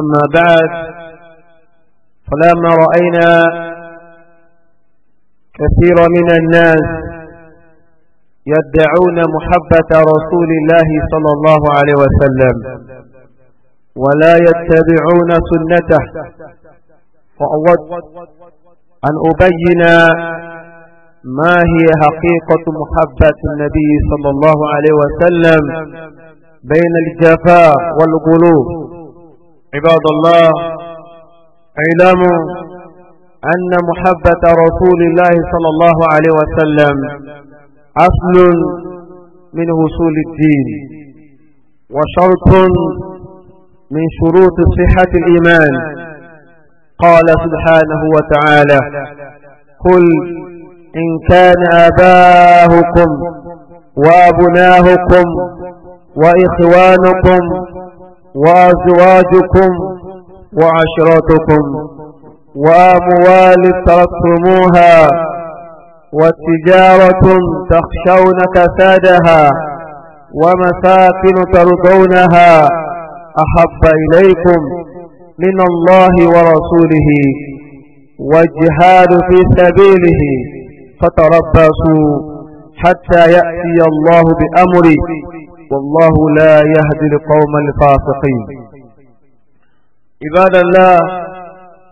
أما بعد فلما رأينا كثير من الناس يدعون محبة رسول الله صلى الله عليه وسلم ولا يتبعون سنته فأود أن أبين ما هي حقيقة محبة النبي صلى الله عليه وسلم بين الجفاء والقلوب عباد الله اعلموا أن محبة رسول الله صلى الله عليه وسلم أصل من وصول الدين وشرط من شروط صحة الإيمان قال سبحانه وتعالى قل إن كان آباؤكم وأبناؤكم وإخوانكم وأزواجكم وعشرتكم وأموال تركتموها وتجارة تخشون كسادها ومساكن ترضونها أحب إليكم من الله ورسوله والجهاد في سبيله فتربصوا حتى يأتي الله بأمره والله لا يهدي القوم الفاسقين عباد الله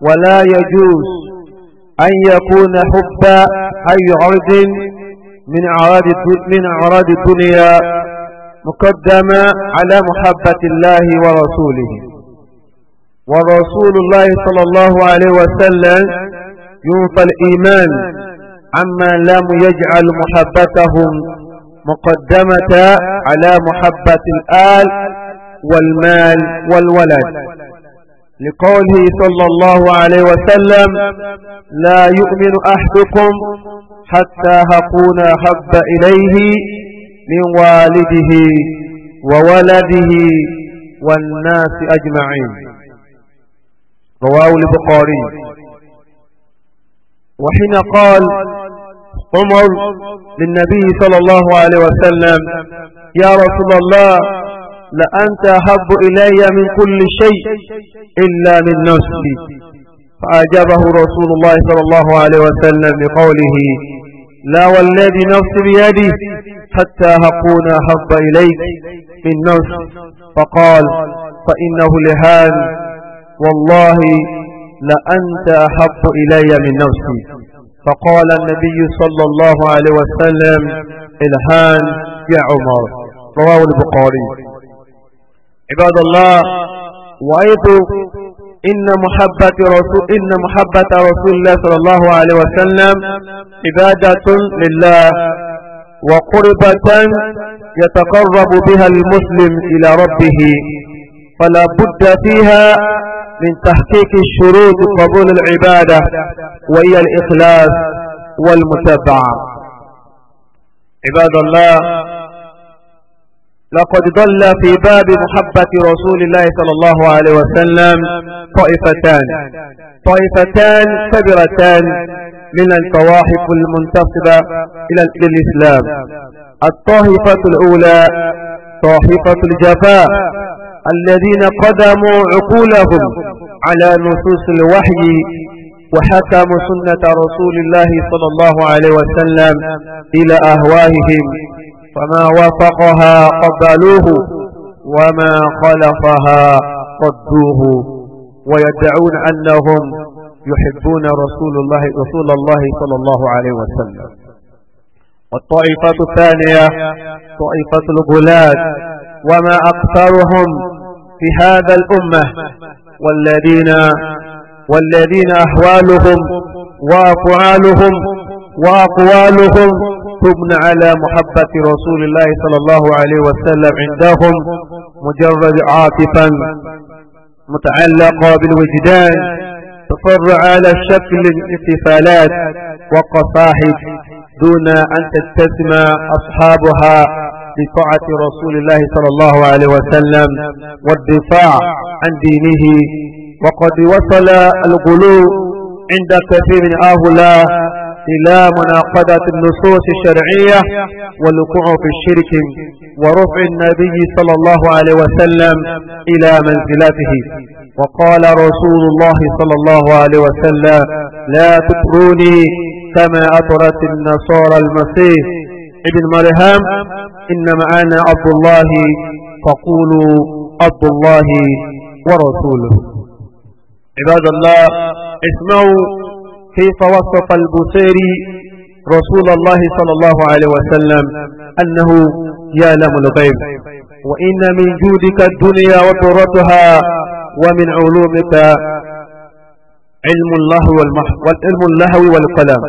ولا يجوز أن يكون حب أي عرض من أعراض من أعراض الدنيا مقدما على محبة الله ورسوله ورسول الله صلى الله عليه وسلم يوفى الإيمان عما لم يجعل محبتهم مقدمة على محبة الآل والمال والولد لقوله صلى الله عليه وسلم لا يؤمن أحدكم حتى هقونا حب إليه من والده وولده والناس أجمعين رواه البخاري وحين قال عمر للنبي صلى الله عليه وسلم يا رسول الله لأنت أحب إلي من كل شيء إلا من نفسي فأجابه رسول الله صلى الله عليه وسلم بقوله لا والذي نفسي بيدي حتى أكون أحب إليك من نفسي فقال فإنه لهان والله لأنت أحب إلي من نفسي فقال النبي صلى الله عليه وسلم الهان يا عمر رواه البخاري عباد الله وأيض إن محبة رسول إن محبة رسول الله صلى الله عليه وسلم عبادة لله وقربة يتقرب بها المسلم إلى ربه فلا بد فيها من تحقيق الشروط قبول العبادة وهي الإخلاص والمتابعة عباد الله لقد ضل في باب محبة رسول الله صلى الله عليه وسلم طائفتان طائفتان كبيرتان من الطواحف المنتصبة إلى الإسلام الطائفة الأولى طائفة الجفاء الذين قدموا عقولهم على نصوص الوحي وحكموا سنة رسول الله صلى الله عليه وسلم إلى أهواههم فما وفقها قبلوه وما خلفها قدوه ويدعون أنهم يحبون رسول الله رسول الله صلى الله عليه وسلم والطائفة الثانية طائفة الغلاة وما أكثرهم في هذا الأمة والذين والذين أحوالهم وأفعالهم وأقوالهم تبنى على محبة رسول الله صلى الله عليه وسلم عندهم مجرد عاطفا متعلقة بالوجدان تفر على شكل الاحتفالات وقصاحب دون أن تتسمى أصحابها بطاعة رسول الله صلى الله عليه وسلم والدفاع عن دينه وقد وصل الغلو عند كثير من هؤلاء إلى مناقضة النصوص الشرعية والوقوع في الشرك ورفع النبي صلى الله عليه وسلم إلى منزلته وقال رسول الله صلى الله عليه وسلم لا تطروني كما أطرت النصارى المسيح ابن مرهام إنما أنا عبد الله فقولوا عبد الله ورسوله عباد الله اسمعوا كيف وصف البصيري رسول الله صلى الله عليه وسلم أنه يعلم الغيب وإن من جودك الدنيا وترتها ومن علومك علم الله والمح والعلم اللهو والقلم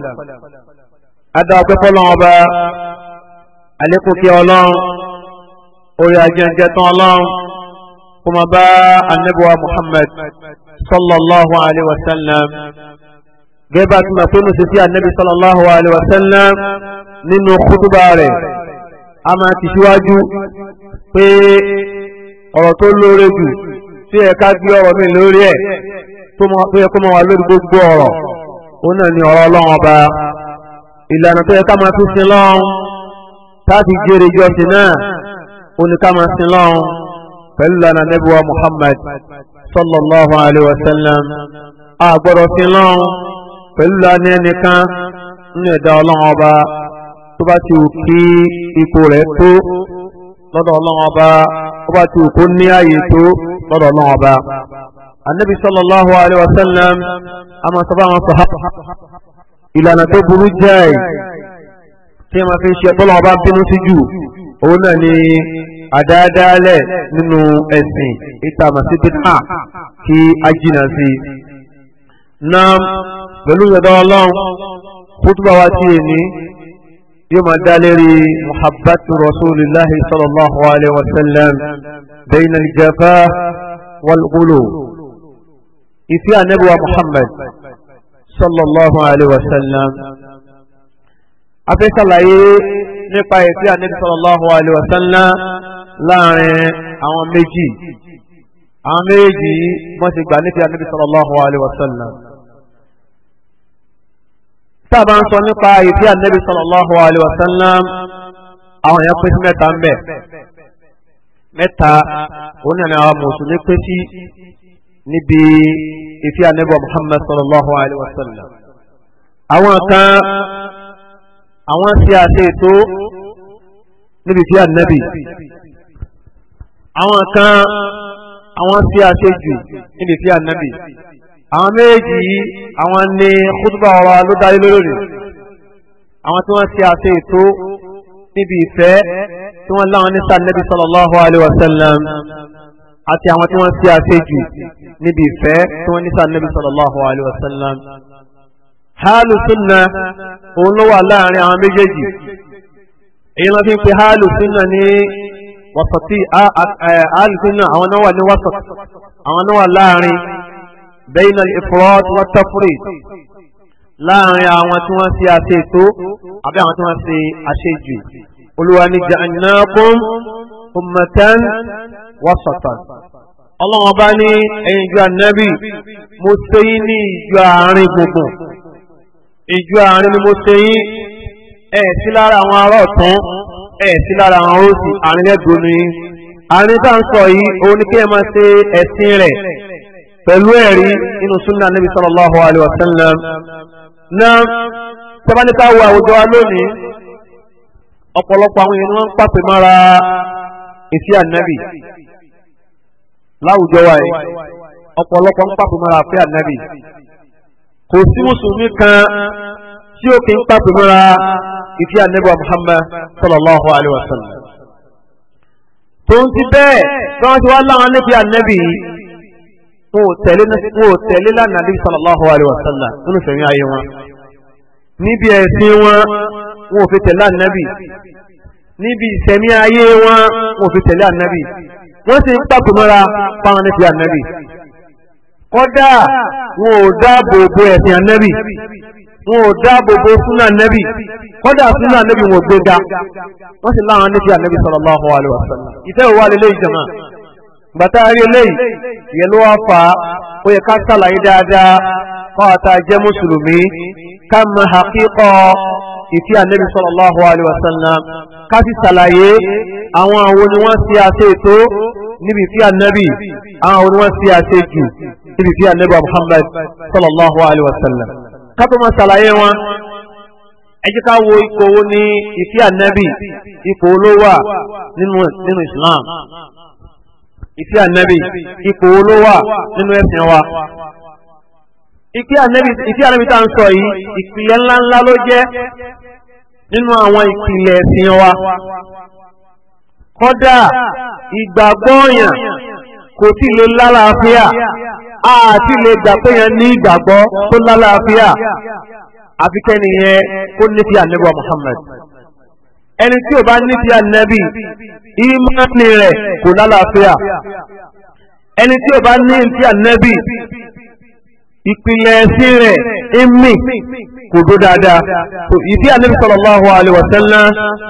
هذا تطلع àlékún kí ọlọ́run orí ajẹ́ǹkẹ́ tán ọlọ́run kó máa bá anábíwá Muhammad sallallahu alayhi wa sallam gẹ́gẹ́ bá ti máa tó lóṣù sí anábí sallallahu alayhi wa sallam nínú kútúbà rẹ̀ a máa ti síwájú pé ọ̀rọ̀ tó lóore jù tí ẹ ká gbé ọ̀rọ̀ mi lórí ẹ̀ tó yẹ kó máa wà lórí gbogbo ọ̀rọ̀ ó náà ní ọ̀rọ̀ ọlọ́run ọba ìlànà tó yẹ ká máa fi sin lọ́run táàtì jèrè ìjọsìn náà oníkàmá sin lọ́hùn pẹ̀lú lọ́nà nẹ́bùwá Muhammad sallallahu alayhi wa sallam àgbọ̀dọ̀ sin lọ́hùn pẹ̀lú lọ́nà ẹnìkan nínú ẹ̀dá ọlọ́run ọba tó bá ti wù kí ipò rẹ̀ tó lọ́dọ̀ ọlọ́run ọba tó bá ti wù ní ààyè tó lọ́dọ̀ ọlọ́run ọba. Annabi sallallahu alayhi wa sallam a máa sọ fún àwọn sọ̀hábà ìlànà tó burú jáì tí wọ́n fi ń ṣe tọ́lọ́ ọba ń bínú sí jù òun náà ni àdáadáalẹ̀ nínú ẹ̀sìn ìtàmà sí bíkà kí a jìnà sí i. na pẹ̀lú ìyọ̀dọ̀ ọlọ́run kútùbà wa sí èmi yóò máa dá lérí muhabbatu rasulillahi sallallahu alayhi wa sallam bayna al-jafa wal ìfẹ́ ànábì wa sallallahu alayhi wa sallam afẹ́ ṣàlàyé nípa ètò ànábì sallallahu alaihi wa sallam láàrin àwọn méjì àwọn méjì wọ́n ti gbà nípa ànábì sallallahu alaihi wa sallam. sábà ń sọ nípa ètò ànábì sallallahu alaihi wa sallam àwọn èèyàn pín sí mẹ́ta ń bẹ mẹ́ta òun náà ni àwọn mùsùlùmí pín níbi ètò ànábì Muhammad sallallahu alaihi àwọn kan àwọn tí a ṣe ètò níbi tí ànábì àwọn kan àwọn tí a ṣe jù níbi tí ànábì àwọn méjì yìí àwọn ní kútùbà wa ló darí lórí àwọn tí wọ́n ṣe àṣe ètò níbi ìfẹ́ tí wọ́n láwọn ní sànẹ́bí sallallahu alaihi wasallam àti àwọn tí wọ́n ṣe àṣe jù níbi ìfẹ́ tí wọ́n ní sànẹ́bí sallallahu alaihi wasallam hálù súnà òun ló wà láàrin àwọn méjèèjì èyí ló fi ń pe hálù súnà ní wasati hálù súnà àwọn náà wà ní wasat àwọn náà wà láàrin bẹ́yìn ìfúrọ́t wọ́n tọ́fúrì láàrin àwọn tí wọ́n ṣe àṣetó àbí àwọn tí wọ́n ṣe àṣejù olúwa ní ja'annakum ummatan wasatan ọlọ́wọ́n bá ní ẹ̀yìn ju ànábì mo ṣe yín ní ìjọ àárín gbùngbùn ìjọ àárín ni mo ṣe yín ẹ̀ sí lára àwọn ará ọ̀tún ẹ̀ sí lára àwọn òsì àárín lẹ́gbọ̀n ni àárín tá à ń sọ yìí òun ni kí ẹ máa ṣe ẹ̀sìn rẹ̀ pẹ̀lú ẹ̀rí nínú súnà níbi sallallahu alaihi wasallam náà tẹ́báníkà wo àwùjọ wa lónìí ọ̀pọ̀lọpọ̀ àwọn èèyàn ń pàpè mọ́ra ìsí ànábì láwùjọ wa yìí ọ̀pọ̀lọpọ̀ ń pàpè mọ́ra àfẹ́ ànábì kò sí mùsùlùmí kan tí ó kì í pàpè sallallahu alayhi wa sallam. tòun ti bẹ́ẹ̀ wọ́n ti wá láwọn wọn ò tẹ̀lé wa sallam nínú ayé wọn. níbi ẹ̀sìn wọn wọn ò fi tẹ̀lé níbi ayé wọn wọn ò fi tẹ̀lé wọ́n sì ń kọ́dà wọn ò dáàbò bo ẹ̀sìn ànẹ́bì wọn ò dáàbò bo súnà ànẹ́bì kọ́dà súnà ànẹ́bì wọn ò gbé ga wọ́n sì láwọn níbi ànẹ́bì sallallahu alaihi wasallam ìfẹ́ òwò alẹ́lẹ́ ìjọba gbàtà rí eléyìí yẹn ló wá fà á ó yẹ ká sàlàyé dáadáa káwàtà jẹ́ mùsùlùmí ká mọ àkíkọ́ ká sì sàlàyé níbi tí anabi muhammad sallallahu alayhi wa sallam kátó máa ṣàlàyé wọn ẹ jẹ́ ká wo ipò wo ní ìfẹ́ anabi ipò ló wà nínú nínú islam ìfẹ́ anabi ipò ló wà nínú ẹ̀sìn wa ìfẹ́ anabi tá à sọ yìí ìpìlẹ̀ ńláńlá ló jẹ́ nínú àwọn ìpìlẹ̀ ẹ̀sìn wa kódà ìgbàgbọ́ yàn kò tí lè lálàáfíà àti lè gbà pé yẹn ní ìgbàgbọ́ tó lálàáfíà àfi kẹ́ni yẹn kó ní ti ànẹ́bọ̀ Muhammad ẹni tí ò bá ní ti ànẹ́bì ìmọ̀ni rẹ̀ kò lálàáfíà ẹni tí ò bá ní ti ànẹ́bì ìpìlẹ̀ ẹ̀sìn rẹ̀ ìmì kò dó dáadáa ìdí ànẹ́bì sallallahu alaihi wa sallam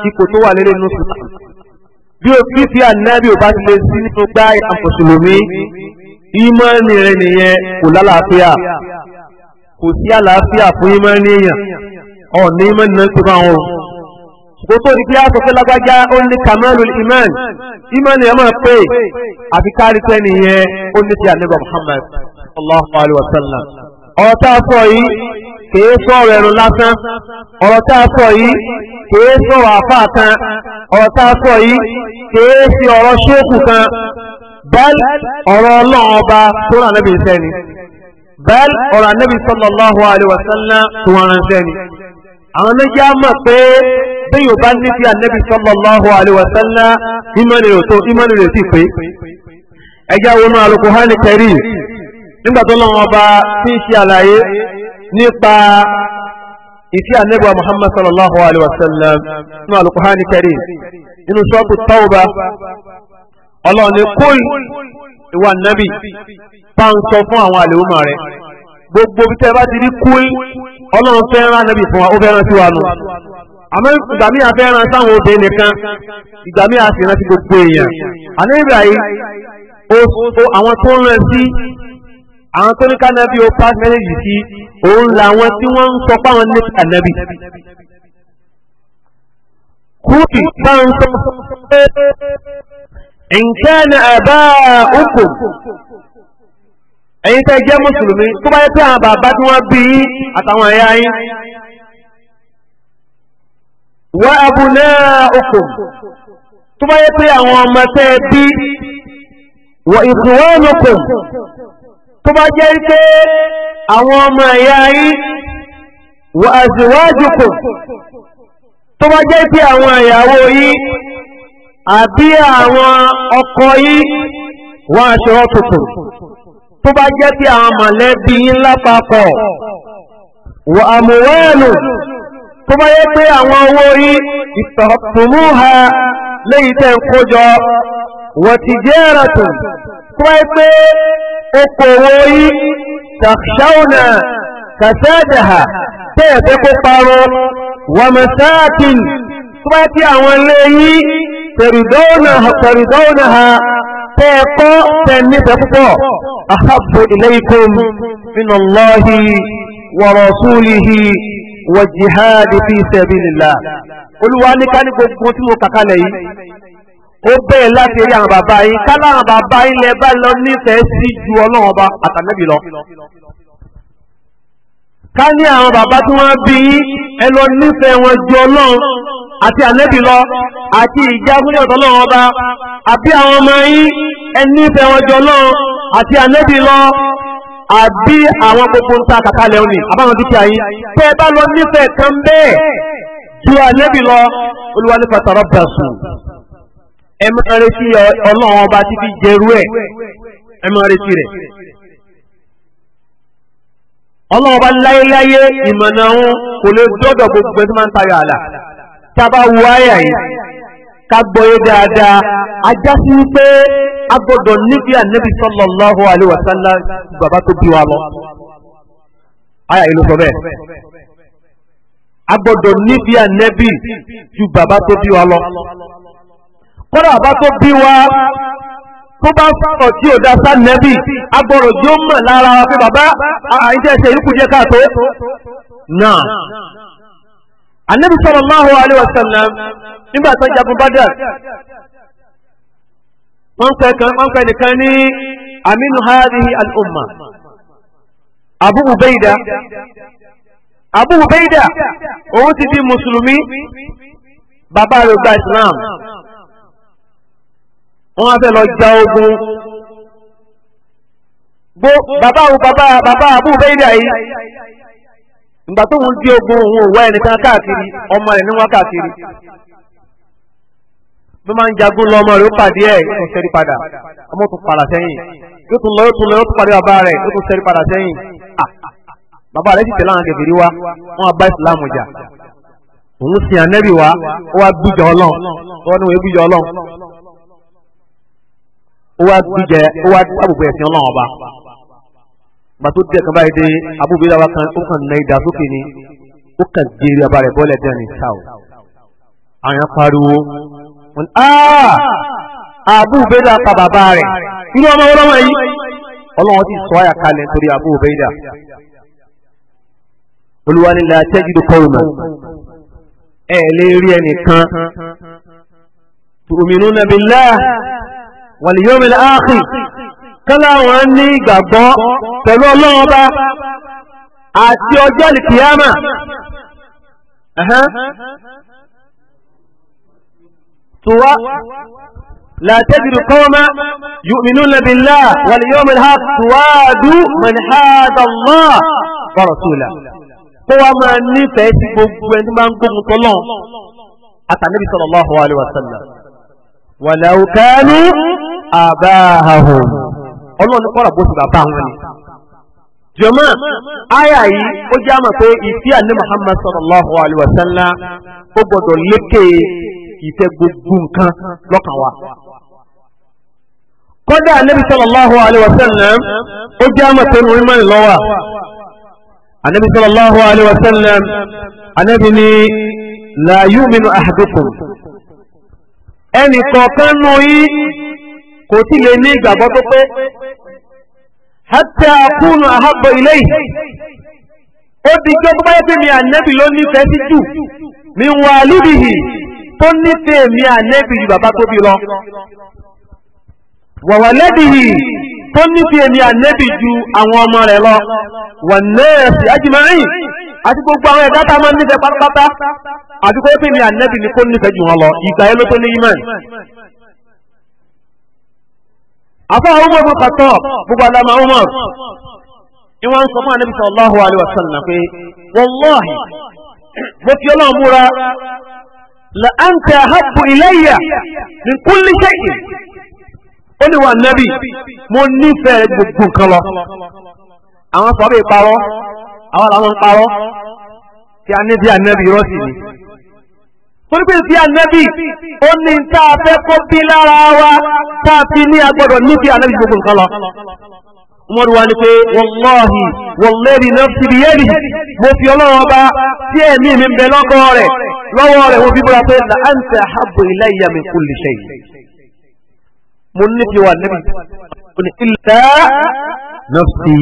ipò tó wà lélẹ́nu sùn bí o kí fi ànábì ò bá ti lè sí nínú gbáyà mùsùlùmí ìmọ̀ọ́nì rẹ̀ nìyẹn kò lálàáfíà kò sí àlàáfíà fún ìmọ̀ọ́nì èèyàn ọ̀ọ́nì ìmọ̀ọ́nì náà tó máa ń wọ̀. ṣùgbọ́n tó di bí aṣọ lágbájá ó ní kamalu iman ìmọ̀ọ́nì ẹ̀ máa pè àfi kárí pé nìyẹn ó ní ti ànábì Muhammad sallallahu alayhi wa sallam ọ̀tá sọ yìí kèé sọ̀rọ̀ ẹnu lásán ọ̀rọ̀ tá a sọ yìí kèé sọ̀rọ̀ àfáà kan ọ̀rọ̀ tá a sọ yìí kèé sí ṣéèkù kan bẹ́ẹ̀ ọ̀rọ̀ ọlọ́run ọba tó rà níbi iṣẹ́ ni bẹ́ẹ̀ sallallahu alaihi tó wà ránṣẹ́ ni. àwọn méjì á mọ̀ pé bí yóò bá sallallahu alaihi tó ìmọ̀lẹ̀ sì pé nípa isi ànẹ́gbà muhammad sallallahu alaihi wasallam nínú alukuhani kẹrì nínú sọ́ọ̀bù tauba ọlọ́run kúl ìwà nẹ́bì sọ fún àwọn rẹ̀ gbogbo bí tẹ́ bá ti rí kúl ọlọ́run fẹ́ràn nẹ́bì fún wa ó fẹ́ràn sí wa nù àmọ́ ìgbà míì afẹ́ràn sáwọn obìnrin nìkan ìgbà sí gbogbo èèyàn àwọn tó ń rẹ sí àwọn tó ní kánábì ó pass message sí òun làwọn tí wọ́n ń sọ fáwọn ní kánábì. kúùtì báwọn sọ pé nǹkan àbá òkò ẹ̀yin tẹ́ jẹ́ mùsùlùmí tó bá yẹ pé àwọn bàbá tí wọ́n bí yín àtàwọn ẹ̀yà yín. wá abúlé òkò tó bá yẹ pé àwọn ọmọ tẹ́ bí wọ ìfúnwọ́nùkùn. tó bá jẹ́ pé àwọn ọmọ ẹ̀yà yìí wà azwajukum tó bá jẹ́ pé àwọn ìyàwó yìí àbí àwọn ọkọ yìí wà ashiratukum tó bá jẹ́ pé àwọn mọ̀lẹ́bí yín lápapọ̀ tó bá jẹ́ pé àwọn owó wọ̀tìjẹ́rẹ̀tù pẹ́ pé okòwò yí ṣàṣáùnà kàṣẹ́dàá tẹ́ẹ̀fẹ́ kó parọ́ wàmẹ́sáàkìn pẹ́ tí àwọn ilé yí pẹ̀rùdọ́nà ha tẹ́ẹ̀kọ́ tẹ́ẹ̀nífẹ́ púpọ̀ ahabbu ilaykum min Allahi wa rasulihi wa jihadi fi sabilillah olúwa ní ká ní gbogbo tí mo kàkalẹ̀ yìí ó bẹ́ẹ̀ láti rí àwọn bàbá yín kálá àwọn bàbá yín lẹ bá lọ nífẹ̀ẹ́ sí ju ọlọ́run ọba àtàlẹ́bí lọ. ká ní àwọn bàbá tí wọ́n bí yín ẹ lọ nífẹ̀ẹ́ wọn ju ọlọ́run àti àlẹ́bí lọ àti ìjà fúnlẹ̀ ọ̀tọ̀ ọlọ́run ọba àbí àwọn ọmọ yín ẹ nífẹ̀ẹ́ wọn ju ọlọ́run àti àlẹ́bí lọ àbí àwọn gbogbo ń ta kàkálẹ̀ òní àbáwọn dúkìá yín tẹ́ ẹ bá lọ nífẹ̀ẹ́ kan bẹ́ẹ̀ ju àlẹ́bí lọ olúwa nípa tàrọ́ bẹ̀sùn ẹ máa retí ọlọ́run ọba títí jẹrú ẹ̀ ẹ máa retí rẹ̀ ọlọ́run ọba láyéláyé ìmọ̀nà ọ̀hún kò lè dọ́dọ̀ gbogbo ẹni tó máa ń tayọ àlà tá a bá wo àyà yìí ká gbọ́yé dáadáa ajá sí wípé a gbọ́dọ̀ níbi ànábì sallallahu alaihi wasallam bàbá tó bí wa lọ àyà yìí ló sọ bẹ́ẹ̀ a gbọ́dọ̀ níbi ànábì ju bàbá tó bí wa lọ. kọ́dà bá tó bí wa tó bá sọ̀rọ̀ tí ò da sánẹ́bì agbọ̀rọ̀ yóò mọ̀ lára wa pé bàbá àìjẹ́ ẹsẹ̀ ìlú kùjẹ́ káàtó náà. Ànábì sallallahu alaihi wasallam nígbà tó jagun wọ́n pẹ́ kan wọ́n pẹ́ nìkan aminu hadhihi al-umma Abu Ubaida Abu Ubaida òun ti di mùsùlùmí bàbá rẹ̀ gba Islam. wọ́n a fẹ́ lọ ja ogun bó bàbá àwọn bàbá bàbá àbú bẹ́ẹ̀rẹ̀ yìí ìgbà tó ń di ogun òun òwò ẹnìkan káàkiri ọmọ rẹ̀ níwọ̀n káàkiri bí máa ń jagun lọ ọmọ rẹ̀ ó pàdé ẹ̀ ó tún sẹ́rí padà ọmọ tún padà sẹ́yìn yóò tún lọ tún lọ tún wa wọ́n bá jà òun sì wa ó wá gbújọ ó wá gbíjẹ ó wá àbùkù ẹ̀sìn ọlọ́run ọba bá tó dẹ̀ kan báyìí dé abúgbé dáwà kan ó kàn na ìdá sókè ni ó kàn gé eré abá rẹ̀ bọ́ọ̀lẹ̀ dẹ́ni sáwọ́ àyàn pariwo wọn ni abúgbé pa bàbá rẹ̀ inú ọmọ ọlọ́mọ yìí ọlọ́run ti sọ àyà kalẹ̀ nítorí abúgbé dá olùwànilẹ̀ àtẹ́jú kọ́ọ̀mù ẹ̀ lè rí ẹnìkan tùmínú nàbìlá واليوم الآخر كلا واني غبا تلو الله با آتي وجه القيامة أها توا لا تجد قوما يؤمنون بالله واليوم الحق توادوا من حاد الله ورسوله قوى ما نفس بقوين من قوة الله أتى النبي صلى الله عليه وسلم ولو كانوا àbáhàhùn ọlọ́run ní kọ́ra bó ti bàbá ni. jọ̀mọ́ àyà yìí ó jẹ́ àmọ̀ pé ìfí àní Muhammad sallallahu alayhi wa sallam ó gbọ́dọ̀ lékè ìfẹ́ gbogbo nǹkan lọ́kàn wa. kọ́dà sallallahu alayhi wa sallam ó jẹ́ àmọ̀ pé sallallahu alayhi wa sallam anabi ni la yu'minu ẹnì kọ̀ọ̀kan kò tí lè ní ìgbàgbọ́ tó pé hatta akunu ahabba ilayhi ó ti jọ tó báyẹ́ pé mi ànẹ́bì ló nífẹ̀ẹ́ sí jù mi wà lídìhì tó nífẹ̀ẹ́ mi ànẹ́bì ju bàbá tó bí lọ wàwà lẹ́dìhì tó nífẹ̀ẹ́ mi ànẹ́bì ju àwọn ọmọ rẹ̀ lọ wà nẹ́ẹ̀sì ajímáyìn àti gbogbo àwọn ẹ̀dá tá a máa nífẹ̀ẹ́ pátápátá àti kó pé mi ànẹ́bì ni kó nífẹ̀ẹ́ jù wọn lọ ìgbà yẹn ló tó ní yímẹ̀ afọ àwọn ọmọ ìbùkàtọ́ gbogbo àdàmà ọmọ ìwọ̀n ń sọ fún ànábì sallallahu alaihi wasallam pé wallahi mo fi ọlọ́run múra la anta ahabbu ilayya min kulli shay'in ó ní wà mo gbogbo nǹkan lọ àwọn àwọn làwọn torí pé sí ànábì ó ní tá a fẹ́ kó bí lára wa tá a fi ní agbọ́dọ̀ nífẹ̀ẹ́ ànábì gbogbo nǹkan lọ. Umaru wa ni pé wọ́lọ́ọ̀hì wọ́lẹ́rì náà ti di yẹ́rì mo fi ọlọ́run ọba tí ẹ̀mí mi ń bẹ lọ́kọ́ rẹ̀ lọ́wọ́ rẹ̀ mo fi búra pé là á ń tẹ àbò ilayya min kulli shay. Mo nífẹ̀ẹ́ wa níbi kò ní ilẹ̀ náà fi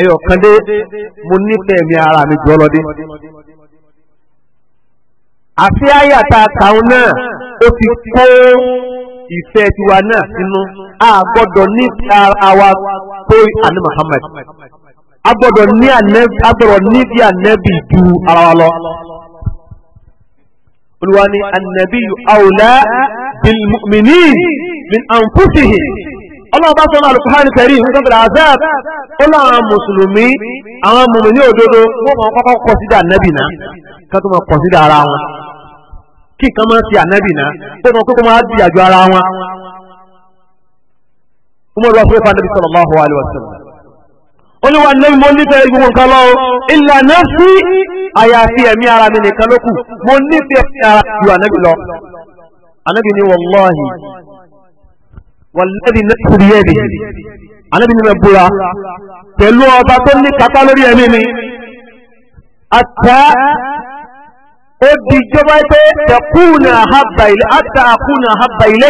ẹyọ̀ kan dé mo nífẹ̀ẹ́ mi ara mi jù ọ lọ dé àti àyàtà àtàwọn náà ó ti kó ìfẹ́ tiwa náà sínú a gbọ́dọ̀ ní àwa tó àní Muhammad a gbọ́dọ̀ ní ànẹ́bí a gbọ́dọ̀ ní bí ànẹ́bí ju ara wa lọ. olùwà ànẹ́bí yóò àwòlá bil mu'minin min anfusihim. ọlọ́ọ̀bá sọ́nà alùpùhánì kẹrí nígbàgbà azab ó láwọn mùsùlùmí àwọn mùmù ní òdodo wọ́n kàn kọ́kọ́ kọ̀sídà nẹ́bì náà ká tó máa ara wọn kí nǹkan máa ti ànẹ́bì náà tó máa kókó máa di àjọ ara wọn. Umar wa ó ní wa mo nífẹ̀ẹ́ gbogbo nǹkan lọ́wọ́ àyàfi wàlẹ́dì nẹ́tù bìyẹ́dì alẹ́bí ni mo búra pẹ̀lú ọba tó ní kápá lórí ẹ̀mí mi àtà ó di jọba pé tẹkùnà àhábà ilé àtà àkùnà àhábà ilé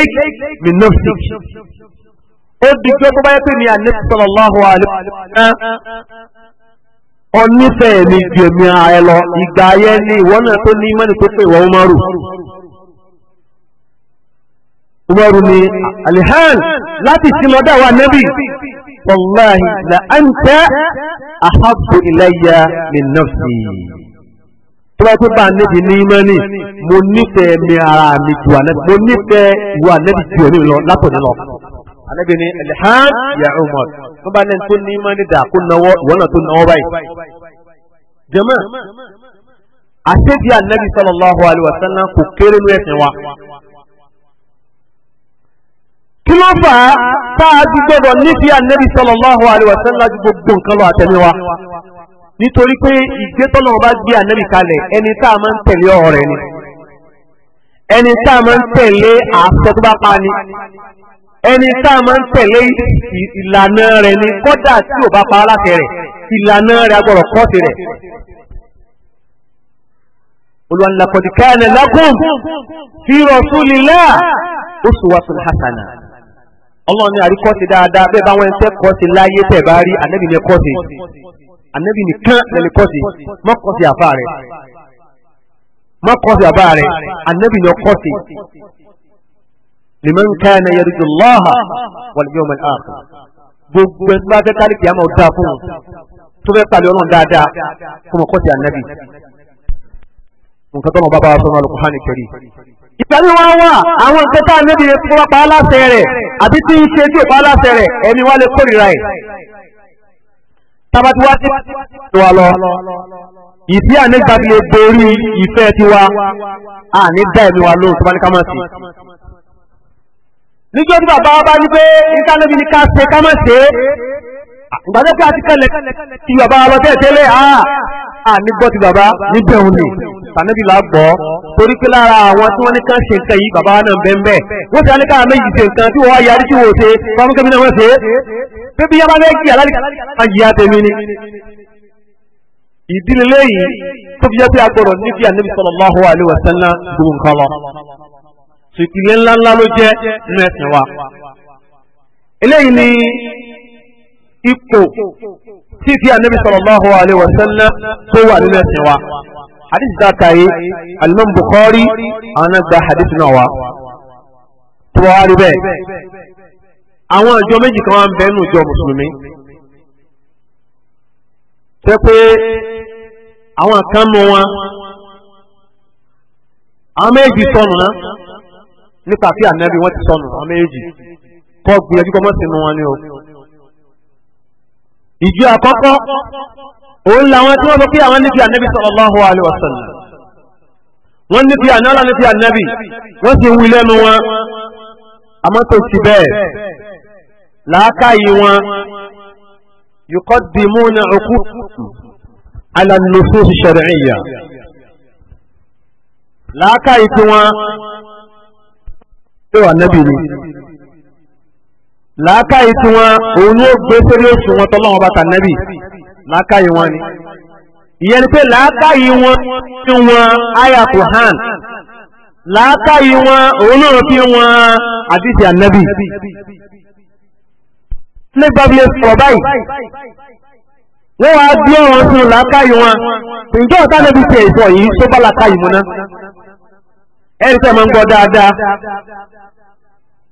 mi nọ́ọ̀sì ó di jọba pé ní ànẹ́tù sallallahu alaihi wasallam ọ̀nífẹ̀ẹ́ mi ju èmi lọ ìgbà ayé ni ìwọ tó ní mẹ́rin tó pé ìwọ ọmọ rù umaru ni alihan láti sinmọ́dá wa nabi wallahi la anta ahabbu ilayya min nafsi tó bá tó bá níbi ní imani mo nífẹ̀ẹ́ mi ara mi ju anabi mo nífẹ̀ẹ́ ìwà anabi ju ẹ̀mí lọ látọ̀ni lọ anabi ni alihan ya umar tó bá lẹ́nu tó ní imani dà kó nawọ́ ìwọ́n náà tó nawọ́ báyìí jẹ́mọ́ àṣẹ́bí anabi sallallahu kí ló fà á tá a ti gbọ́dọ̀ nífi ànẹ́bí sallallahu alaihi wasallam ju gbogbo nǹkan lọ àtẹ̀léwa nítorí pé ìgbésọ́lọ́wọ́ bá gbé ànẹ́bí kalẹ̀ ẹni tá a máa ń tẹ̀lé ọ̀rẹ́ ni ẹni tá a máa ń tẹ̀lé àṣẹ tó bá pa ni ẹni tá a máa ń tẹ̀lé ìlànà rẹ̀ ni kódà tí ò bá pa aláṣẹ rẹ̀ ìlànà rẹ̀ agbọ̀rọ̀ kọ́ọ̀tì rẹ̀ olùwànlàkọ̀dìkà ẹ̀ lakum fi rasulillah uswatun hasana ọlọ́run ní àríkọ́sí dáadáa bẹ́ẹ̀ bá wọn ṣe kọ́sí láyé tẹ̀ bá rí ànẹ́bì ní kọ́sí ànẹ́bì nìkan lẹ́lẹ́ kọ́sí mọ́ kọ́sí àfa rẹ̀ mọ́ kọ́sí àfa rẹ̀ ànẹ́bì ní kọ́sí liman kana yarju Allaha wal yawmal akhir gbogbo ẹni bá fẹ́ kárí kìámà ó dáa fún un tó fẹ́ pàlẹ́ ọlọ́run dáadáa fún ọkọ́sí ànẹ́bì nǹkan tó lọ bá bá wa sọ ìtàrí wọn wà àwọn nǹkan tá a lóbi fún apá aláṣẹ rẹ̀ àbí tí ń ṣe sí ìpá aláṣẹ rẹ̀ ẹni wá lè kórìíra ẹ̀ tabatiwa ti wa lọ ìfí ànígbàgbé borí ìfẹ́ tiwa àní dá ẹ̀mí wa lóhùn tó bá ní ká máa sí níjọ́ tí bàbá wa bá ní pé ní ká lóbi ká ṣe ká ìgbàdé pé àti kẹlẹ ti bàbá wa lọ́tẹ́ tẹ́lẹ̀ á à ní gbọ́ ti bàbá níbẹ̀ òun ni tànẹ́bí là gbọ́ torí pé lára àwọn tí wọ́n ní kàn ṣe nǹkan yìí bàbá náà bẹ́ẹ̀ bẹ́ẹ̀ wọ́n ti alẹ́ káàmé yìí ṣe nǹkan tí wọ́n wá yarí tí wọ́n ṣe fún akẹ́kẹ́ náà wọ́n ṣe é bí yaba bẹ́ẹ̀ kí alálẹ́ àjìyá tèmi ni. ìdílé lẹ́yìn tó fi jẹ́ pé agbọ̀rọ̀ níbi ànábì sallallahu alaihi wasallam gbogbo nǹkan lọ. sùkìlẹ̀ ńláńlá ló jẹ́ nínú ni ipò tí fi ànábì sallallahu alaihi wasallam tó wà nínú ẹ̀sìn wa hadith ta kàyé alimam bukhari àwọn náà gba hadith náà wa tó wá rí bẹ́ẹ̀ àwọn ìjọ méjì kan wà ń bẹ́ẹ̀ nù ìjọ mùsùlùmí tẹ́ pé àwọn kan mú wọn àwọn méjì sọnù náà nípa fi ànábì wọn ti sọnù àwọn méjì kọ́ gbìyànjú kọ́ mọ́ sínú wọn ni o ìjọ àkọ́kọ́ òun làwọn tí wọ́n sọ pé àwọn níbi ànábì sallallahu alaihi wasallam wọ́n níbi ànábì níbi ànábì wọ́n sì wí lẹ́nu wọn àmọ́ tó ti bẹ́ẹ̀ làákàyè wọn yuqaddimuna uquq ala nusus shar'iyya làákàyè tí wọ́n tó ànábì ni làákàyè tí wọn òun yóò gbé sórí oṣù wọn tọ́lọ́wọ́n bàtà nẹ́bì làákàyè wọn ni ìyẹn ni pé làákàyè wọn fi wọn àyà Qur'an làákàyè wọn òun náà fi wọn àdìsí ànẹ́bì nígbà bí ẹ̀sùn ọ̀bá yìí wọ́n wá bí ọ̀rọ̀ sínú làákàyè wọn ǹjọ́ ọ̀tá nẹ́bì ṣe ìfọ̀ yìí tó bá làákàyè mu náà ẹ̀rí tẹ́ máa ń gbọ́ dáadáa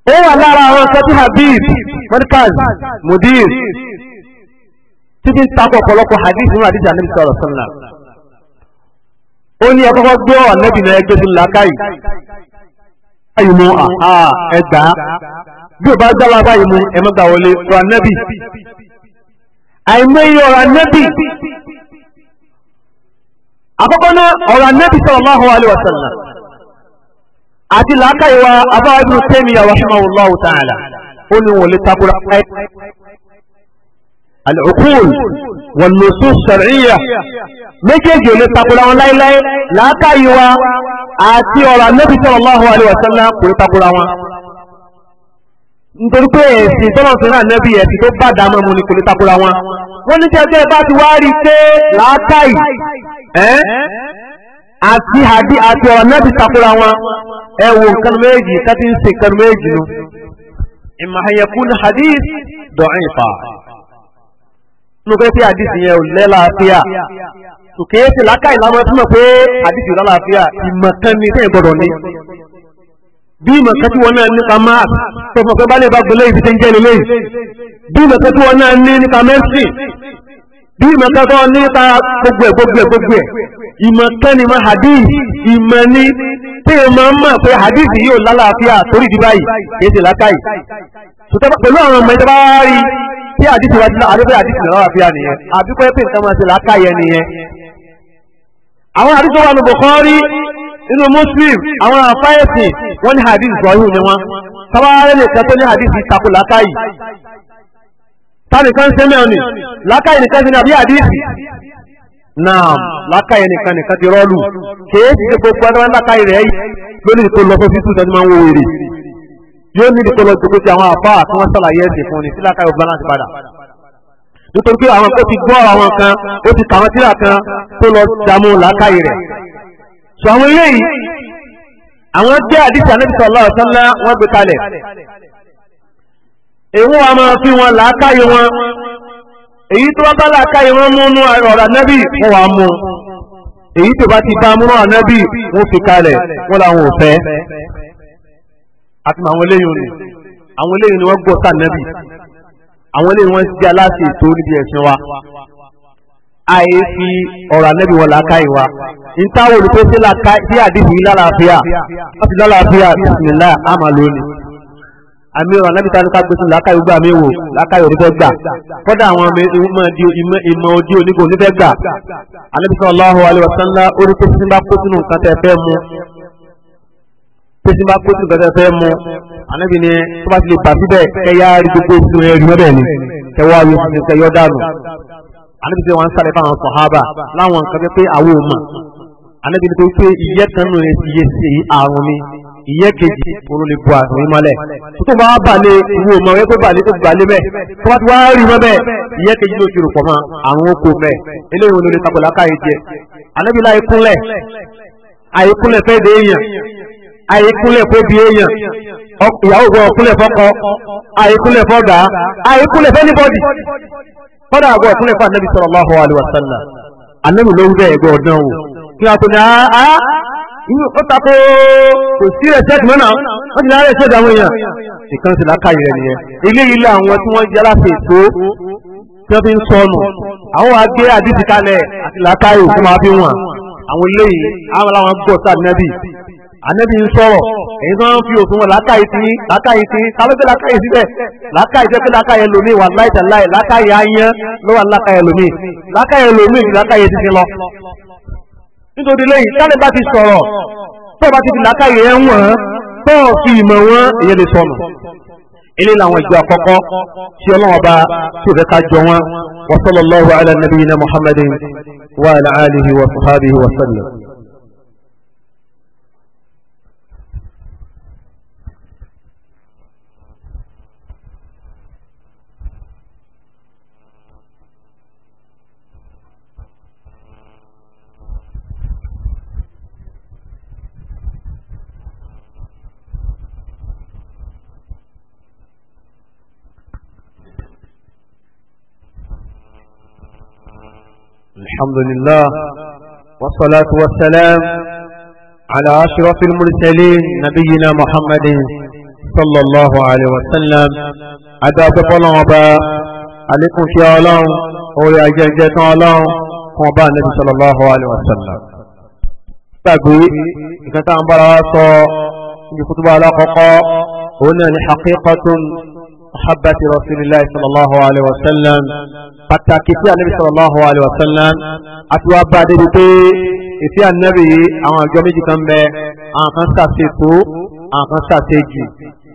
E wà lára àwọn sọ́tí habib mọ́díkàz mudir títí ń takọ̀ ọ̀pọ̀lọpọ̀ hadith nínú hadith ànábì sọ̀rọ̀ sọ́nà ó ní ọkọ̀kọ́ gbọ́ ànábì náà ẹgbẹ́ tó làákàyè báyìí mú ẹgbà bí ò bá gbára báyìí mú ẹ wasallam àti làákàyè wa abáwá ibùdó tẹ́mìyà rahimahullah ta'ala ó ní wọ́n lè takura ẹ́ al'ukul wàlùsù sàríyà méjèèjì ò lè takura wọn láíláí làákàyè wa àti ọ̀rọ̀ anábì sallallahu alaihi wasallam kò lè takura wọn nítorí pé ẹ̀sìn tọ́lọ̀tún náà nẹ́bí ẹ̀sìn tó bá dámọ́ mu ni kò lè takura wọn wọ́n ní tẹ́tẹ́ bá ti wá rí pé làákàyè àti hadi àti ọ̀rọ̀ náà ti takura wọn ẹ wo nǹkan méjì tàbí ń ṣe nǹkan méjì nu ìmọ̀ àyẹ̀kún hadith dọ̀rin fa nukẹ́ pé hadith yẹn ò lẹ́láàfíà tòkè é ti láká ìlànà tó mọ̀ pé hadith ò lẹ́láàfíà ìmọ̀ kan sẹ́yìn gbọ́dọ̀ ní bí ìmọ̀ tí wọ́n náà nípa máa tó fọ́ pé bá lè bá gbọ́lé ìfi ń jẹ́ lélẹ́yìn bí ìmọ̀ tí wọ́n náà ní nípa mẹ́sìn bí ìmọ̀kẹ́ tó nípa gbogbo ẹ̀ gbogbo ẹ̀ gbogbo ẹ̀ ìmọ̀kẹ́ ni mọ́ hadith ìmọ̀ ni tí o máa ń mọ̀ pé hadith yóò lálàáfíà torí di báyìí kìí ṣe látàyè sọtọ́pọ̀ pẹ̀lú àwọn ọmọ ìjọba wá rí tí hadith wájú náà àdébẹ́ hadith náà lálàáfíà nìyẹn àbíkọ́ pé nǹkan máa ṣe látàyè nìyẹn. àwọn hadith wà ní Bukhari nínú Muslim àwọn àfáyẹ̀sìn wọ́n ní hadith sọ̀hún ni wọ́n tábàárẹ̀ lè tẹ́ ní hadith tani kan ṣe mẹ́rin ni lákàyè nìkan ṣe ní àbí àdìsí náà lákàyè nìkan nìkan ti rọ́ọ̀lù kèé ti ṣe gbogbo ẹni lákàyè rẹ̀ yìí lónìí kò lọ fún fífi tó ti máa ń wo èrè yóò ní kò lọ gbogbo ti àwọn àpá àti wọn sàlàyé ẹsẹ̀ fún ni sí lákàyè ọba láti padà nítorí pé àwọn kan ti gbọ́ àwọn kan ó ti kà wọ́n síra kan tó lọ dààmú làákàyè rẹ̀ sọ àwọn eléyìí àwọn jẹ́ àdìsí ànábìsọ̀ ọlọ́ọ̀sán ńlá wọ́n gbé kalẹ̀ èwọ́n a máa fi wọn làákàyè wọn èyí tó bá bá làákàyè wọn mú nú ọ̀rọ̀ ànábì wọn wà mú èyí tó bá ti bá mú nú ànábì wọn fi kalẹ̀ wọn làwọn ò fẹ́ àti àwọn eléyìí ni àwọn eléyìí ni wọ́n gbọ́ sí ànábì àwọn eléyìí wọ́n ti aláṣẹ ètò níbi ẹ̀sìn wa àyè fi ọ̀rọ̀ ànábì wọn làákàyè wa níta wo ni pé sí àdìsí lálàáfíà wọ́n ti lálàáfíà bismillah àmàlónìí àmì ọ̀rọ̀ alábìtá ní kágbé sí làákàyè gbà mí wò làákàyè onífẹ́ gbà kọ́dà àwọn ìmọ̀ ojú onígbò onífẹ́ gbà alábìtá Allahu alaihi wasallam orí pé sísìn bá kó sínú nǹkan tẹ́ fẹ́ mu pé sísìn bá kó sínú nǹkan tẹ́ fẹ́ mu alábì ni tó bá ti lè bà síbẹ̀ kẹ́ yá rí gbogbo sínú ẹ̀rí mọ́bẹ̀ ni kẹ́ wá rí sínú kẹ́ yọ́ dànù alábì tí wọ́n ń sálẹ̀ fáwọn sàhábà láwọn nǹkan pé àwọn ò mọ̀ alábì ni pé iye kan nù ìyẹn kejì òun lè bu àtọ̀yìn mọ́lẹ̀ tó bá bà lé ìwú ọmọ rẹ tó bà lé tó gbà lé bẹ́ẹ̀ tó bá ti wá rí mọ́ bẹ́ẹ̀ ìyẹn kejì ló ti rò pọ̀ mọ́ àwọn oko mẹ́ eléyìí olórí takọ̀lá káyé jẹ anábìlá ikúnlẹ̀ àìkúnlẹ̀ fẹ́ de èèyàn àìkúnlẹ̀ fóbi èèyàn ìyàwó gbọ́ ọkúnlẹ̀ fọ́kọ àìkúnlẹ̀ fọ́gà àìkúnlẹ̀ fẹ́nibọ́dì fọ́dà àgọ́ ọkúnlẹ̀ fún anábì sallallahu alaihi wasallam anábì ló ń bẹ́ẹ̀ gbọ́ ọ̀dán o kí wọ́n á tó ní àá inú ó tako kò sí respect mọ́nà wọ́n ti lára respect àwọn èèyàn ìkan sì lákàyè rẹ̀ nìyẹn ilé ilé àwọn tí wọ́n jẹ́ aláṣẹ ètò tí wọ́n fi ń sọnù àwọn agé àdìsí kalẹ̀ àti làákàyè fún wa fi wọ̀n àwọn eléyìí àwọn làwọn gbọ́ sí ànábì ànábì ń sọ̀rọ̀ èyí tó ń fi òfin wọn làákàyè tí làákàyè tí sábẹ́gbẹ́ làákàyè síbẹ̀ làákàyè jẹ́ pé làákàyè lomi wà láìtẹ̀láì làákàyè ayán ló wà làákàyè lomi làákàyè lomi ju làákàyè títí lọ nítorí lẹ́yìn tálẹ̀ bá ti sọ̀rọ̀ tó bá ti fi làákàyè ẹ̀ wọ̀n tó fi ìmọ̀ wọn èyẹ lè sọnù ilé làwọn ìjọ àkọ́kọ́ tí ọlọ́wọ́n bá tí fẹ́ ká jọ wọn wa sallallahu ala nabiyyina muhammadin wa ala alihi wa sahbihi wa sallam. الحمد لله والصلاة والسلام على أشرف المرسلين نبينا محمد صلى الله عليه وسلم أدى بطلان أبا عليكم في أعلام ويا جنجة أعلام وأبا النبي صلى الله عليه وسلم tàbí ìkẹta ń bára sọ ìkútùbà alákọ̀ọ́kọ́ هنا لحقيقة mahabbati rasulillahi sallallahu alayhi wa sallam pàtàkì sí anabi sallallahu alayhi wa sallam àti wàá bá a débi pé èsì anabi àwọn àjọ méjì kan bẹ àwọn kan ṣàṣètò àwọn kan ṣàṣejù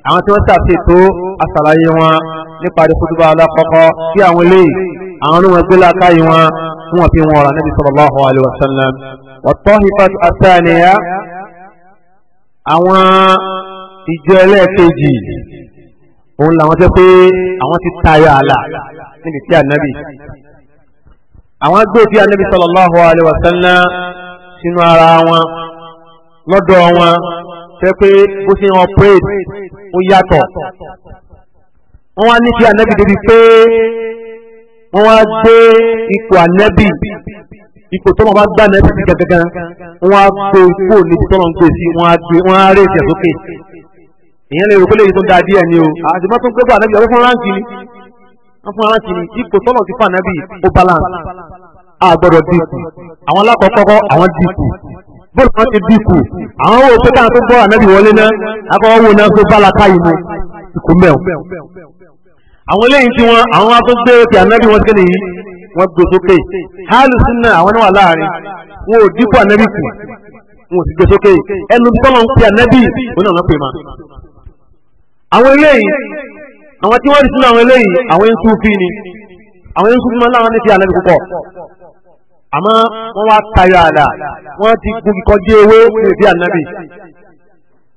àwọn tí wọ́n ṣàṣètò àṣàlàyé wọn nípa àdìkúdùbà alákọ̀ọ́kọ́ kí àwọn eléyìí àwọn olóhùn ẹgbẹ́ láàkáyé wọn fún ọ̀fin wọn ọ̀rọ̀ anabi sallallahu alayhi wa sallam ọ̀tọ́ hifat asaniya àwọn ìjọ ẹlẹ́ẹ̀kejì òun làwọn tẹ́ pé àwọn ti tayọ ààlà níbi tí ànábì àwọn gbé tí ànábì sallallahu alaihi wasallam sínú ara wọn lọ́dọ̀ wọn tẹ́ pé bó ṣe wọn parade ó yàtọ̀ wọ́n wá ní kí ànábì débi pé wọ́n wá gbé ipò ànábì ipò tó wọn bá gbà ànábì sí gangan wọ́n wá gbé ipò níbi tó wọn gbé sí wọ́n á rèé jẹ̀ sókè ìyẹn lè rò pé lèyí tó ń da díẹ̀ ni o àti mọ́tò ń gbégbá ànábì ọ̀rẹ́ fún ráǹtì ni wọ́n fún ráǹtì ni ipò tọ́nà ti fún ànábì ó balance a gbọ́dọ̀ dínkù àwọn alákọ̀ọ́kọ́ àwọn dínkù bóòlù wọn ti dínkù àwọn wo pé káwọn tó gbọ́ ànábì wọlé náà akọ́wọ́ wo náà tó bala káyì mu ìkú mẹ́wọ̀ àwọn eléyìí tí wọn àwọn wa tó gbé ti ànábì wọn kéde yìí wọn gbó sókè hálù sínú àwọn náà àwọn eléyìí àwọn tí wọ́n rí sínú àwọn eléyìí àwọn ń sún fi ni àwọn ń sún fi máa láwọn ní ti ànábì púpọ̀ àmọ́ wọ́n wá tayọ àlà wọ́n ti gungi kọjú ewé ní ìdí ànábì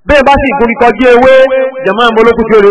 bẹ́ẹ̀ bá sì gungi kọjú ewé jẹ̀mọ́ àmọ́lókù tí ó lè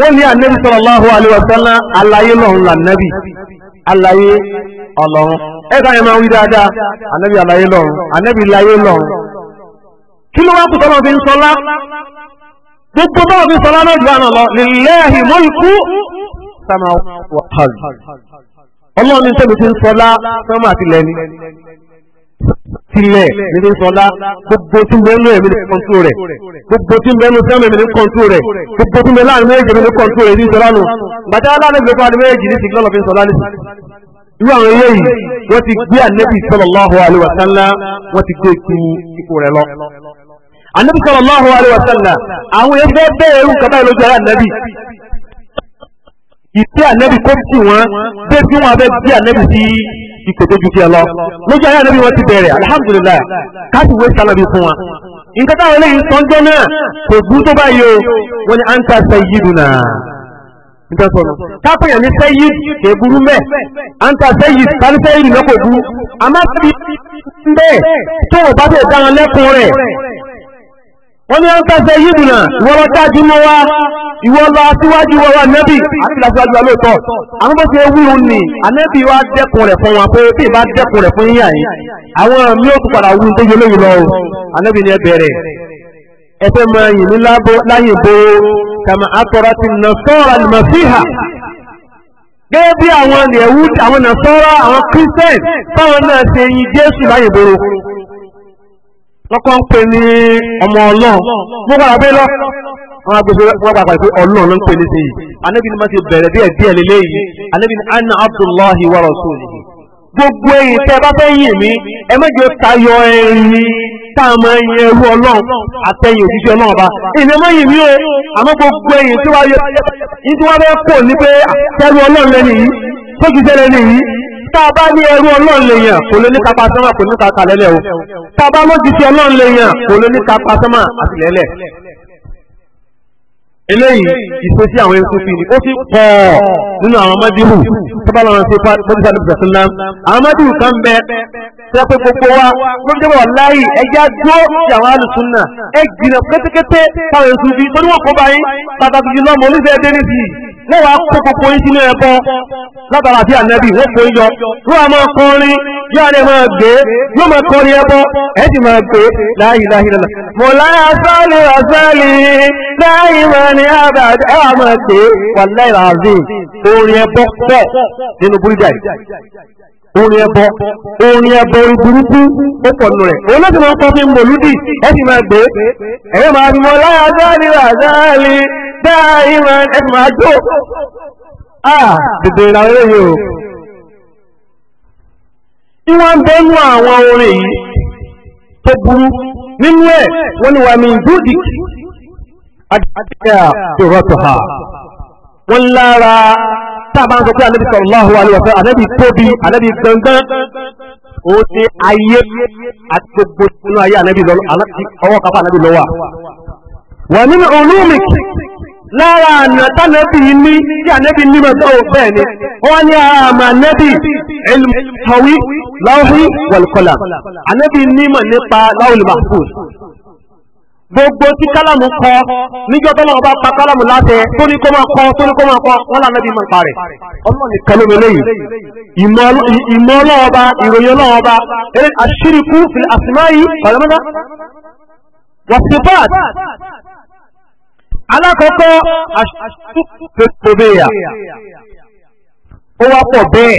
wọ́n ní ànábì sallallahu alaihi wasallam alayé lọ́run lànàbì alayé ọlọ́run ẹ̀ka yẹn máa ń wí dáadáa ànábì alayé lọ́run ànábì láyé lọ́run kí ló wá kù tọ́lọ́ fi ń sọlá gbogbo tọ́lọ́ fi ń sọlá náà jù àná lọ lillahi mulku sàmà wàhálì ọlọ́run ní sẹ́mi ti ń sọlá sẹ́mi àtìlẹ́ni tilẹ̀ nítorí sọlá gbogbo tí ń bẹ nínú ẹ̀mí ní kọ́ńtò rẹ̀ gbogbo tí ń bẹ nínú sẹ́mi ní kọ́ńtò rẹ̀ gbogbo tí ń bẹ láàrin méjì ní kọ́ńtò rẹ̀ ní sọlá nù bàtà aláàrin gbogbo àti méjì ní sìnkú ọlọ́fin sọlá nìsí. irú àwọn eléyìí wọ́n ti gbé ànẹ́bí sallallahu alaihi wasallam wọ́n ti gbé ikú ipò rẹ̀ lọ. ànẹ́bí sallallahu alaihi wasallam àwọn yẹn fẹ́ bẹ́ẹ̀ irú kaba ìlójú ara ànẹ́bí ìtẹ́ ànẹ́bí kó tì wọ́n bẹ́ẹ̀ tí wọ́n abẹ́ bí ànẹ́bí sí ipò tó ju lọ lójú ayé ànábì wọn ti bẹ̀rẹ̀ alihamudulilayi káàtìwé sálọbi fún wa nǹkan táwọn eléyìí sọ́njọ́ náà kò gún tó báyìí o wọ́n ní à ń ta sayyiduna nǹkan sọ̀rọ̀ kápẹ́yàn ní sẹ́yìd kò burú mẹ́ à ń ta sẹ́yìd kálí sẹ́yìd náà kò burú àmọ́ ti bẹ́ẹ̀ tó o bá tó dáhùn lẹ́kùn rẹ̀ wọ́n ní ọ́nsáṣẹ́ yìí nà ìwọ́lọ́ tájú mọ́ wá ìwọ́lọ́ síwájú wọ́wọ́ nẹ́bì àti ìlàsíwájú wa lóòótọ́ àwọn bó ṣe wúlò ní anẹ́bì wa dẹ́kun rẹ̀ fún wọn pé bí ìbá dẹ́kun rẹ̀ fún àwọn mi padà wú tó yẹ lọ o ni ẹ bẹ̀rẹ̀ ẹ fẹ́ mọ ẹyìn kàmá àtọ̀rọ̀ ti nà sọ́ra gẹ́gẹ́ bí àwọn ẹ̀wú àwọn nà lọ́kọ́ ń pè ọmọ ọlọ́run mo wà lọ àwọn bá pàṣẹ anabi ni ma ti bẹ̀rẹ̀ díẹ̀ díẹ̀ anabi ni anna abdullahi wa gbogbo bá fẹ́ yìn mí ẹ tayọ tá a máa ẹrú àtẹ̀yìn ọba ìní ẹ yìn mí o àmọ́ gbogbo ẹ̀yin tí wọ́n fẹ́ ní pé tá a bá ní ẹrú ọlọ́run lèèyàn kò lè ní kápá sánmà kò ní kápá lẹ́lẹ̀ o tá a bá lójijì ọlọ́run lèèyàn kò lè ní kápá sánmà àtìlẹ́lẹ̀ eléyìí ìfésí àwọn ẹ̀sùn ni ó ti pọ̀ nínú àwọn amádìhù tábàlà wọn ṣe pàdésà ní ìjọsìn náà àwọn amádìhù kan bẹ ṣe pé gbogbo wa wọn jẹ́ wọ́n láàyè ẹja dúró sí àwọn alùsùn náà ẹ jìnà kétékété táwọn ẹ̀sùn fi tó níwọ̀n kó báyìí pàtàkì jùlọ mọ oníṣẹ́ ẹdẹ nìyí wọ́n wá kó gbogbo yín sínú ẹ̀kọ́ látara àti ànábì wọ́n kò yọ wọ́n a máa kọrin yóò àrẹ máa gbé yóò máa kọrin ẹbọ ẹ sì máa gbé láàyè láàyè lọ́la. mọ̀láyà sálẹ̀ àsálẹ̀ láàyè máa ní àmà pé wallahi alazim orin ẹbọ pọ̀ nínú búrídà yìí orin ẹbọ orin ẹbọ orin burúkú ó pọ̀ nù rẹ̀ òun láti máa ń kọ́ fi mòlúdì ẹ sì máa gbé ẹ̀rọ máa fi mọ láyà dáàlì rà dáàlì dáàlì máa ẹ sì máa jó tètè ìlànà eléyìí o. ìwọ̀n ń bẹ́nu àwọn orin yìí tó burú nínú ẹ̀ wọ́n ni wàmí ìdúdì adìyà dòrọ́tọ̀ha wọ́n lára tábà ń sọ pé ànábì sallallahu alaihi wasallam ànábì tóbi ànábì gangan ó ní ayé àti gbogbo inú ayé ànábì ọwọ́ kápá ànábì lọ́wọ́ wà nínú olómi lára àná tánẹ́bì ní tí ànẹ́bì nímọ̀ tó bẹ́ẹ̀ ni wọ́n ní ara àmà ànẹ́bì ilmu tọ̀wí láwùí wal qalam ànẹ́bì nípa láwùl mahfuz gbogbo tí kálámù kọ níjọ́ tó náà bá pa kálámù láṣẹ tó ní kó máa kọ tó ní kó máa kọ wọn lànà bí mọ ipa rẹ̀ ọlọ́run nìkan ló mele yìí ìmọ̀ ọlọ́wọ́ bá ìròyìn ọlọ́wọ́ bá eré àṣírikú fil asma'i pàlọ́mọ́dá wàsífàt alákọ̀ọ́kọ́ àṣírikú tó bẹ́ẹ̀ yà ó wá pọ̀ bẹ́ẹ̀.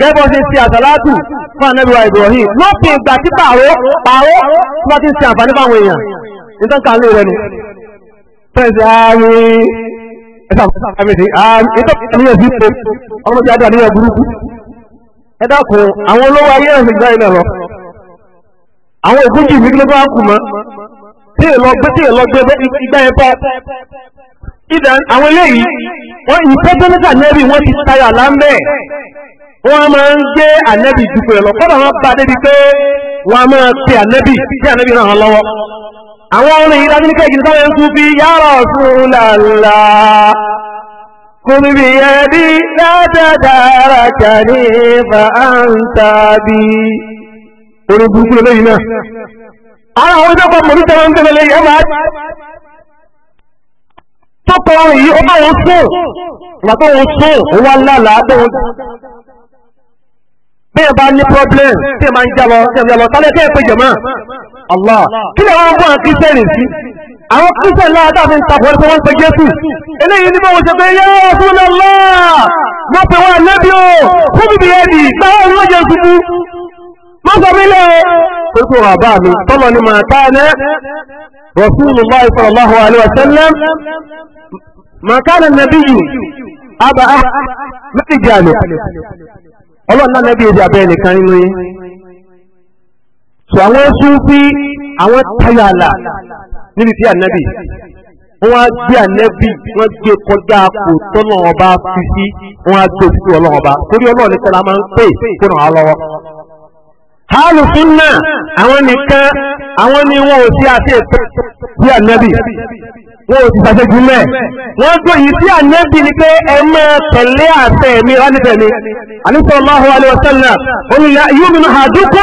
gẹ́gbọ́n ṣe ṣe àtàlátù fún anẹ́bíwá Ibrahim lópin ìgbà tí pààrọ̀ pààrọ̀ tí wọ́n ti ah, ń ṣe àǹfààní fáwọn èèyàn nítorí kan lè rẹ ni. àmì ẹ̀sà àmì ìtọ́jú àníyàn sí pé ọmọ ti adé àníyàn burúkú. ẹ dákun àwọn olówó ayé ẹ̀sìn gbá ilẹ̀ lọ àwọn wọ́n máa ń gbé ànẹ́bì dúpẹ́ rẹ̀ lọ débi pé wọ́n máa pe ànẹ́bì tí ànẹ́bì náà lọ́wọ́ àwọn orin yìí ní kéèkì sáré ń tún fi yára ọ̀sùn làlá kùnbí ẹbí látàdára kàní bá ń tàbí. orin burúkú lélẹ́yìn náà ara àwọn ìjọba mọ̀lú tẹ́wọ́ ń tẹ́lẹ̀ tó kọ́ yìí ó bá wọn sùn ìgbà tó wọn sùn ó wá lálàá tó wọn téèyàn bá ní problem téèyàn máa ń jábọ̀ téèyàn jábọ̀ tálẹ́ kéèyàn pé jẹ̀mọ́ Allah kí ni àwọn ọgbọ́n kírísítẹ́nì sí àwọn kírísítẹ́nì náà dàbí ń tapọ̀ ẹni pé wọ́n ń pe Jésù eléyìí ní báwo ṣe pé yẹ́ Rasulullah mo pè wọ́n àlébí o fún mi bìí ẹ̀dì gbà wọ́n ló jẹ́ ṣubú má sọ mí lé o pé kó rà mi tọ́lọ̀ ni màá tá ní Rasulullah sallallahu alaihi wasallam màkánà nàbíyì àbá mẹ́tìjì àlè ọlọ́run náà lẹ́bi èdè abẹ́ nìkan nínú yín so àwọn Súfí àwọn tayọ àlà níbi tí ànábì wọ́n á gbé ànábì wọ́n gbé kọjá kò tọ́nà ọba fi sí wọ́n á gbé òtítù ọlọ́run ọba torí ọlọ́run nìkan la máa ń pè kó ràn án lọ́wọ́. hálù na àwọn nìkan àwọn ni wọn ò sí àti ètò sí ànábì wọn ò sì ṣàṣẹ jùlẹ wọn tó yìí sí ànábì ni pé ẹ máa tẹ̀lé àṣẹ mi ránìfẹ mi sallallahu alaihi wasallam olùyà yóò mímú àdúgbò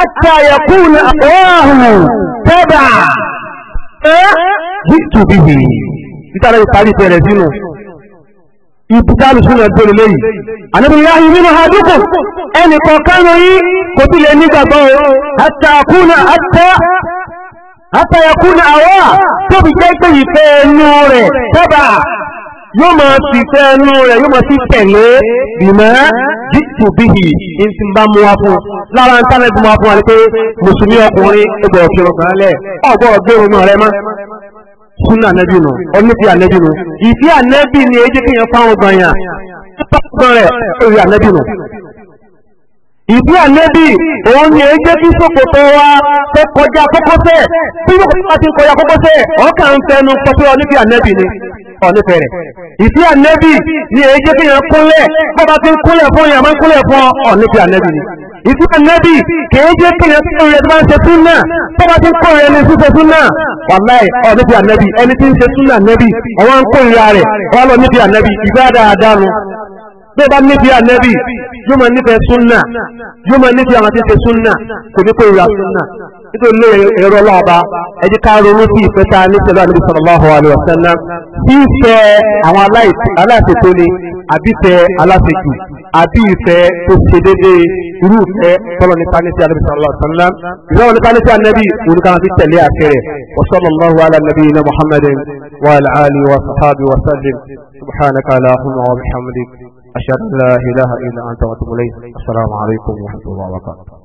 àtàyẹkù ní àwòrán tẹbà ẹ bí tùbí yìí títà lẹ́yìn parí bẹ̀rẹ̀ sínú. ìbúkálù sínú ẹgbẹ́ olè lẹ́yìn àníbìnrin ayé nínú àdúkù ẹnì kọ̀ọ̀kánú yí kò tí lè nígbàgbọ́ àtàkùnà àtàyàkùnà àwọ́ tóbi jẹ́ pé ìfẹ́ ẹnu rẹ̀ tọ́bà yóò máa fi ìfẹ́ ẹnu rẹ̀ yóò máa fi tẹ̀lé ìmọ̀ jíjù bíhì ìtì bá mú wa fún lára ń tánẹ́bù wa fún wa ní pé mùsùlùmí ọkùnrin ẹgbẹ̀rún fi ọkùnrin lẹ̀ ọgbọ́n ọgbẹ́rún náà rẹ mọ́ súnà ànẹ́bí nù ọ́nìfẹ́ ànẹ́bí nù ìfẹ́ ànẹ́bí ni èyí jẹ́ kéèyàn fáwọn gbọ̀nyàn tó bá gbọ́n rẹ̀ ó rí ànẹ́bí nù ìbú ànẹ́bì òun ni èyí jẹ́ kí sòkòtò wa tó kọjá kókósẹ̀ tí wọ́n bá ti kọjá kókósẹ̀ ọkà ń fẹnu pọ̀pẹ́ ọlẹ́bì ànẹ́bì ni ọ̀nẹ́fẹ̀ rẹ̀ ìbú ànẹ́bì ni èyí jẹ́ kí yẹn kúnlẹ̀ bó bá ti ń kúnlẹ̀ fún yẹn máa ń kúnlẹ̀ fún ọ̀nẹ́bì ànẹ́bì ni ìbú ànẹ́bì kìí jẹ́ kí yẹn kúnlẹ̀ tó bá ń ṣe súnà bó bá ti ń kúnlẹ̀ ní ṣíṣe súnà wàláì ọ̀nẹ́bì ànẹ́bì ẹni tí ń ṣe súnà ànẹ́bì ọwọ́ ń kúnlẹ̀ rẹ̀ wọ́n lọ níbi ànẹ́bì ìgbà dáadáa tó bá nífẹ̀ẹ́ ànẹ́bì yóò máa nífẹ̀ẹ́ súnà yóò máa nífẹ̀ẹ́ àwọn àti ṣe súnà kò ní kó ìrà súnà nítorí lé ẹ̀rọ ọlọ́ọ̀ba ẹ jẹ́ ká ronú sí ìfẹ́ ta nífẹ̀ẹ́ Ànábì sallallahu alaihi wasallam sí ìfẹ́ àwọn aláìṣètò ni àbí ìfẹ́ aláṣejù àbí ìfẹ́ tó ṣe dédé irú ìfẹ́ tọ́lọ̀ nípa nífẹ̀ẹ́ Ànábì sallallahu alaihi wasallam ìfẹ́ nípa nífẹ̀ẹ́ Ànábì oníkàwọn ti tẹ̀lé àṣẹ rẹ̀ wa sallallahu wa ala wa sahbihi wa أشهد أن لا إله إلا أنت وأتوب إليك السلام عليكم ورحمة الله وبركاته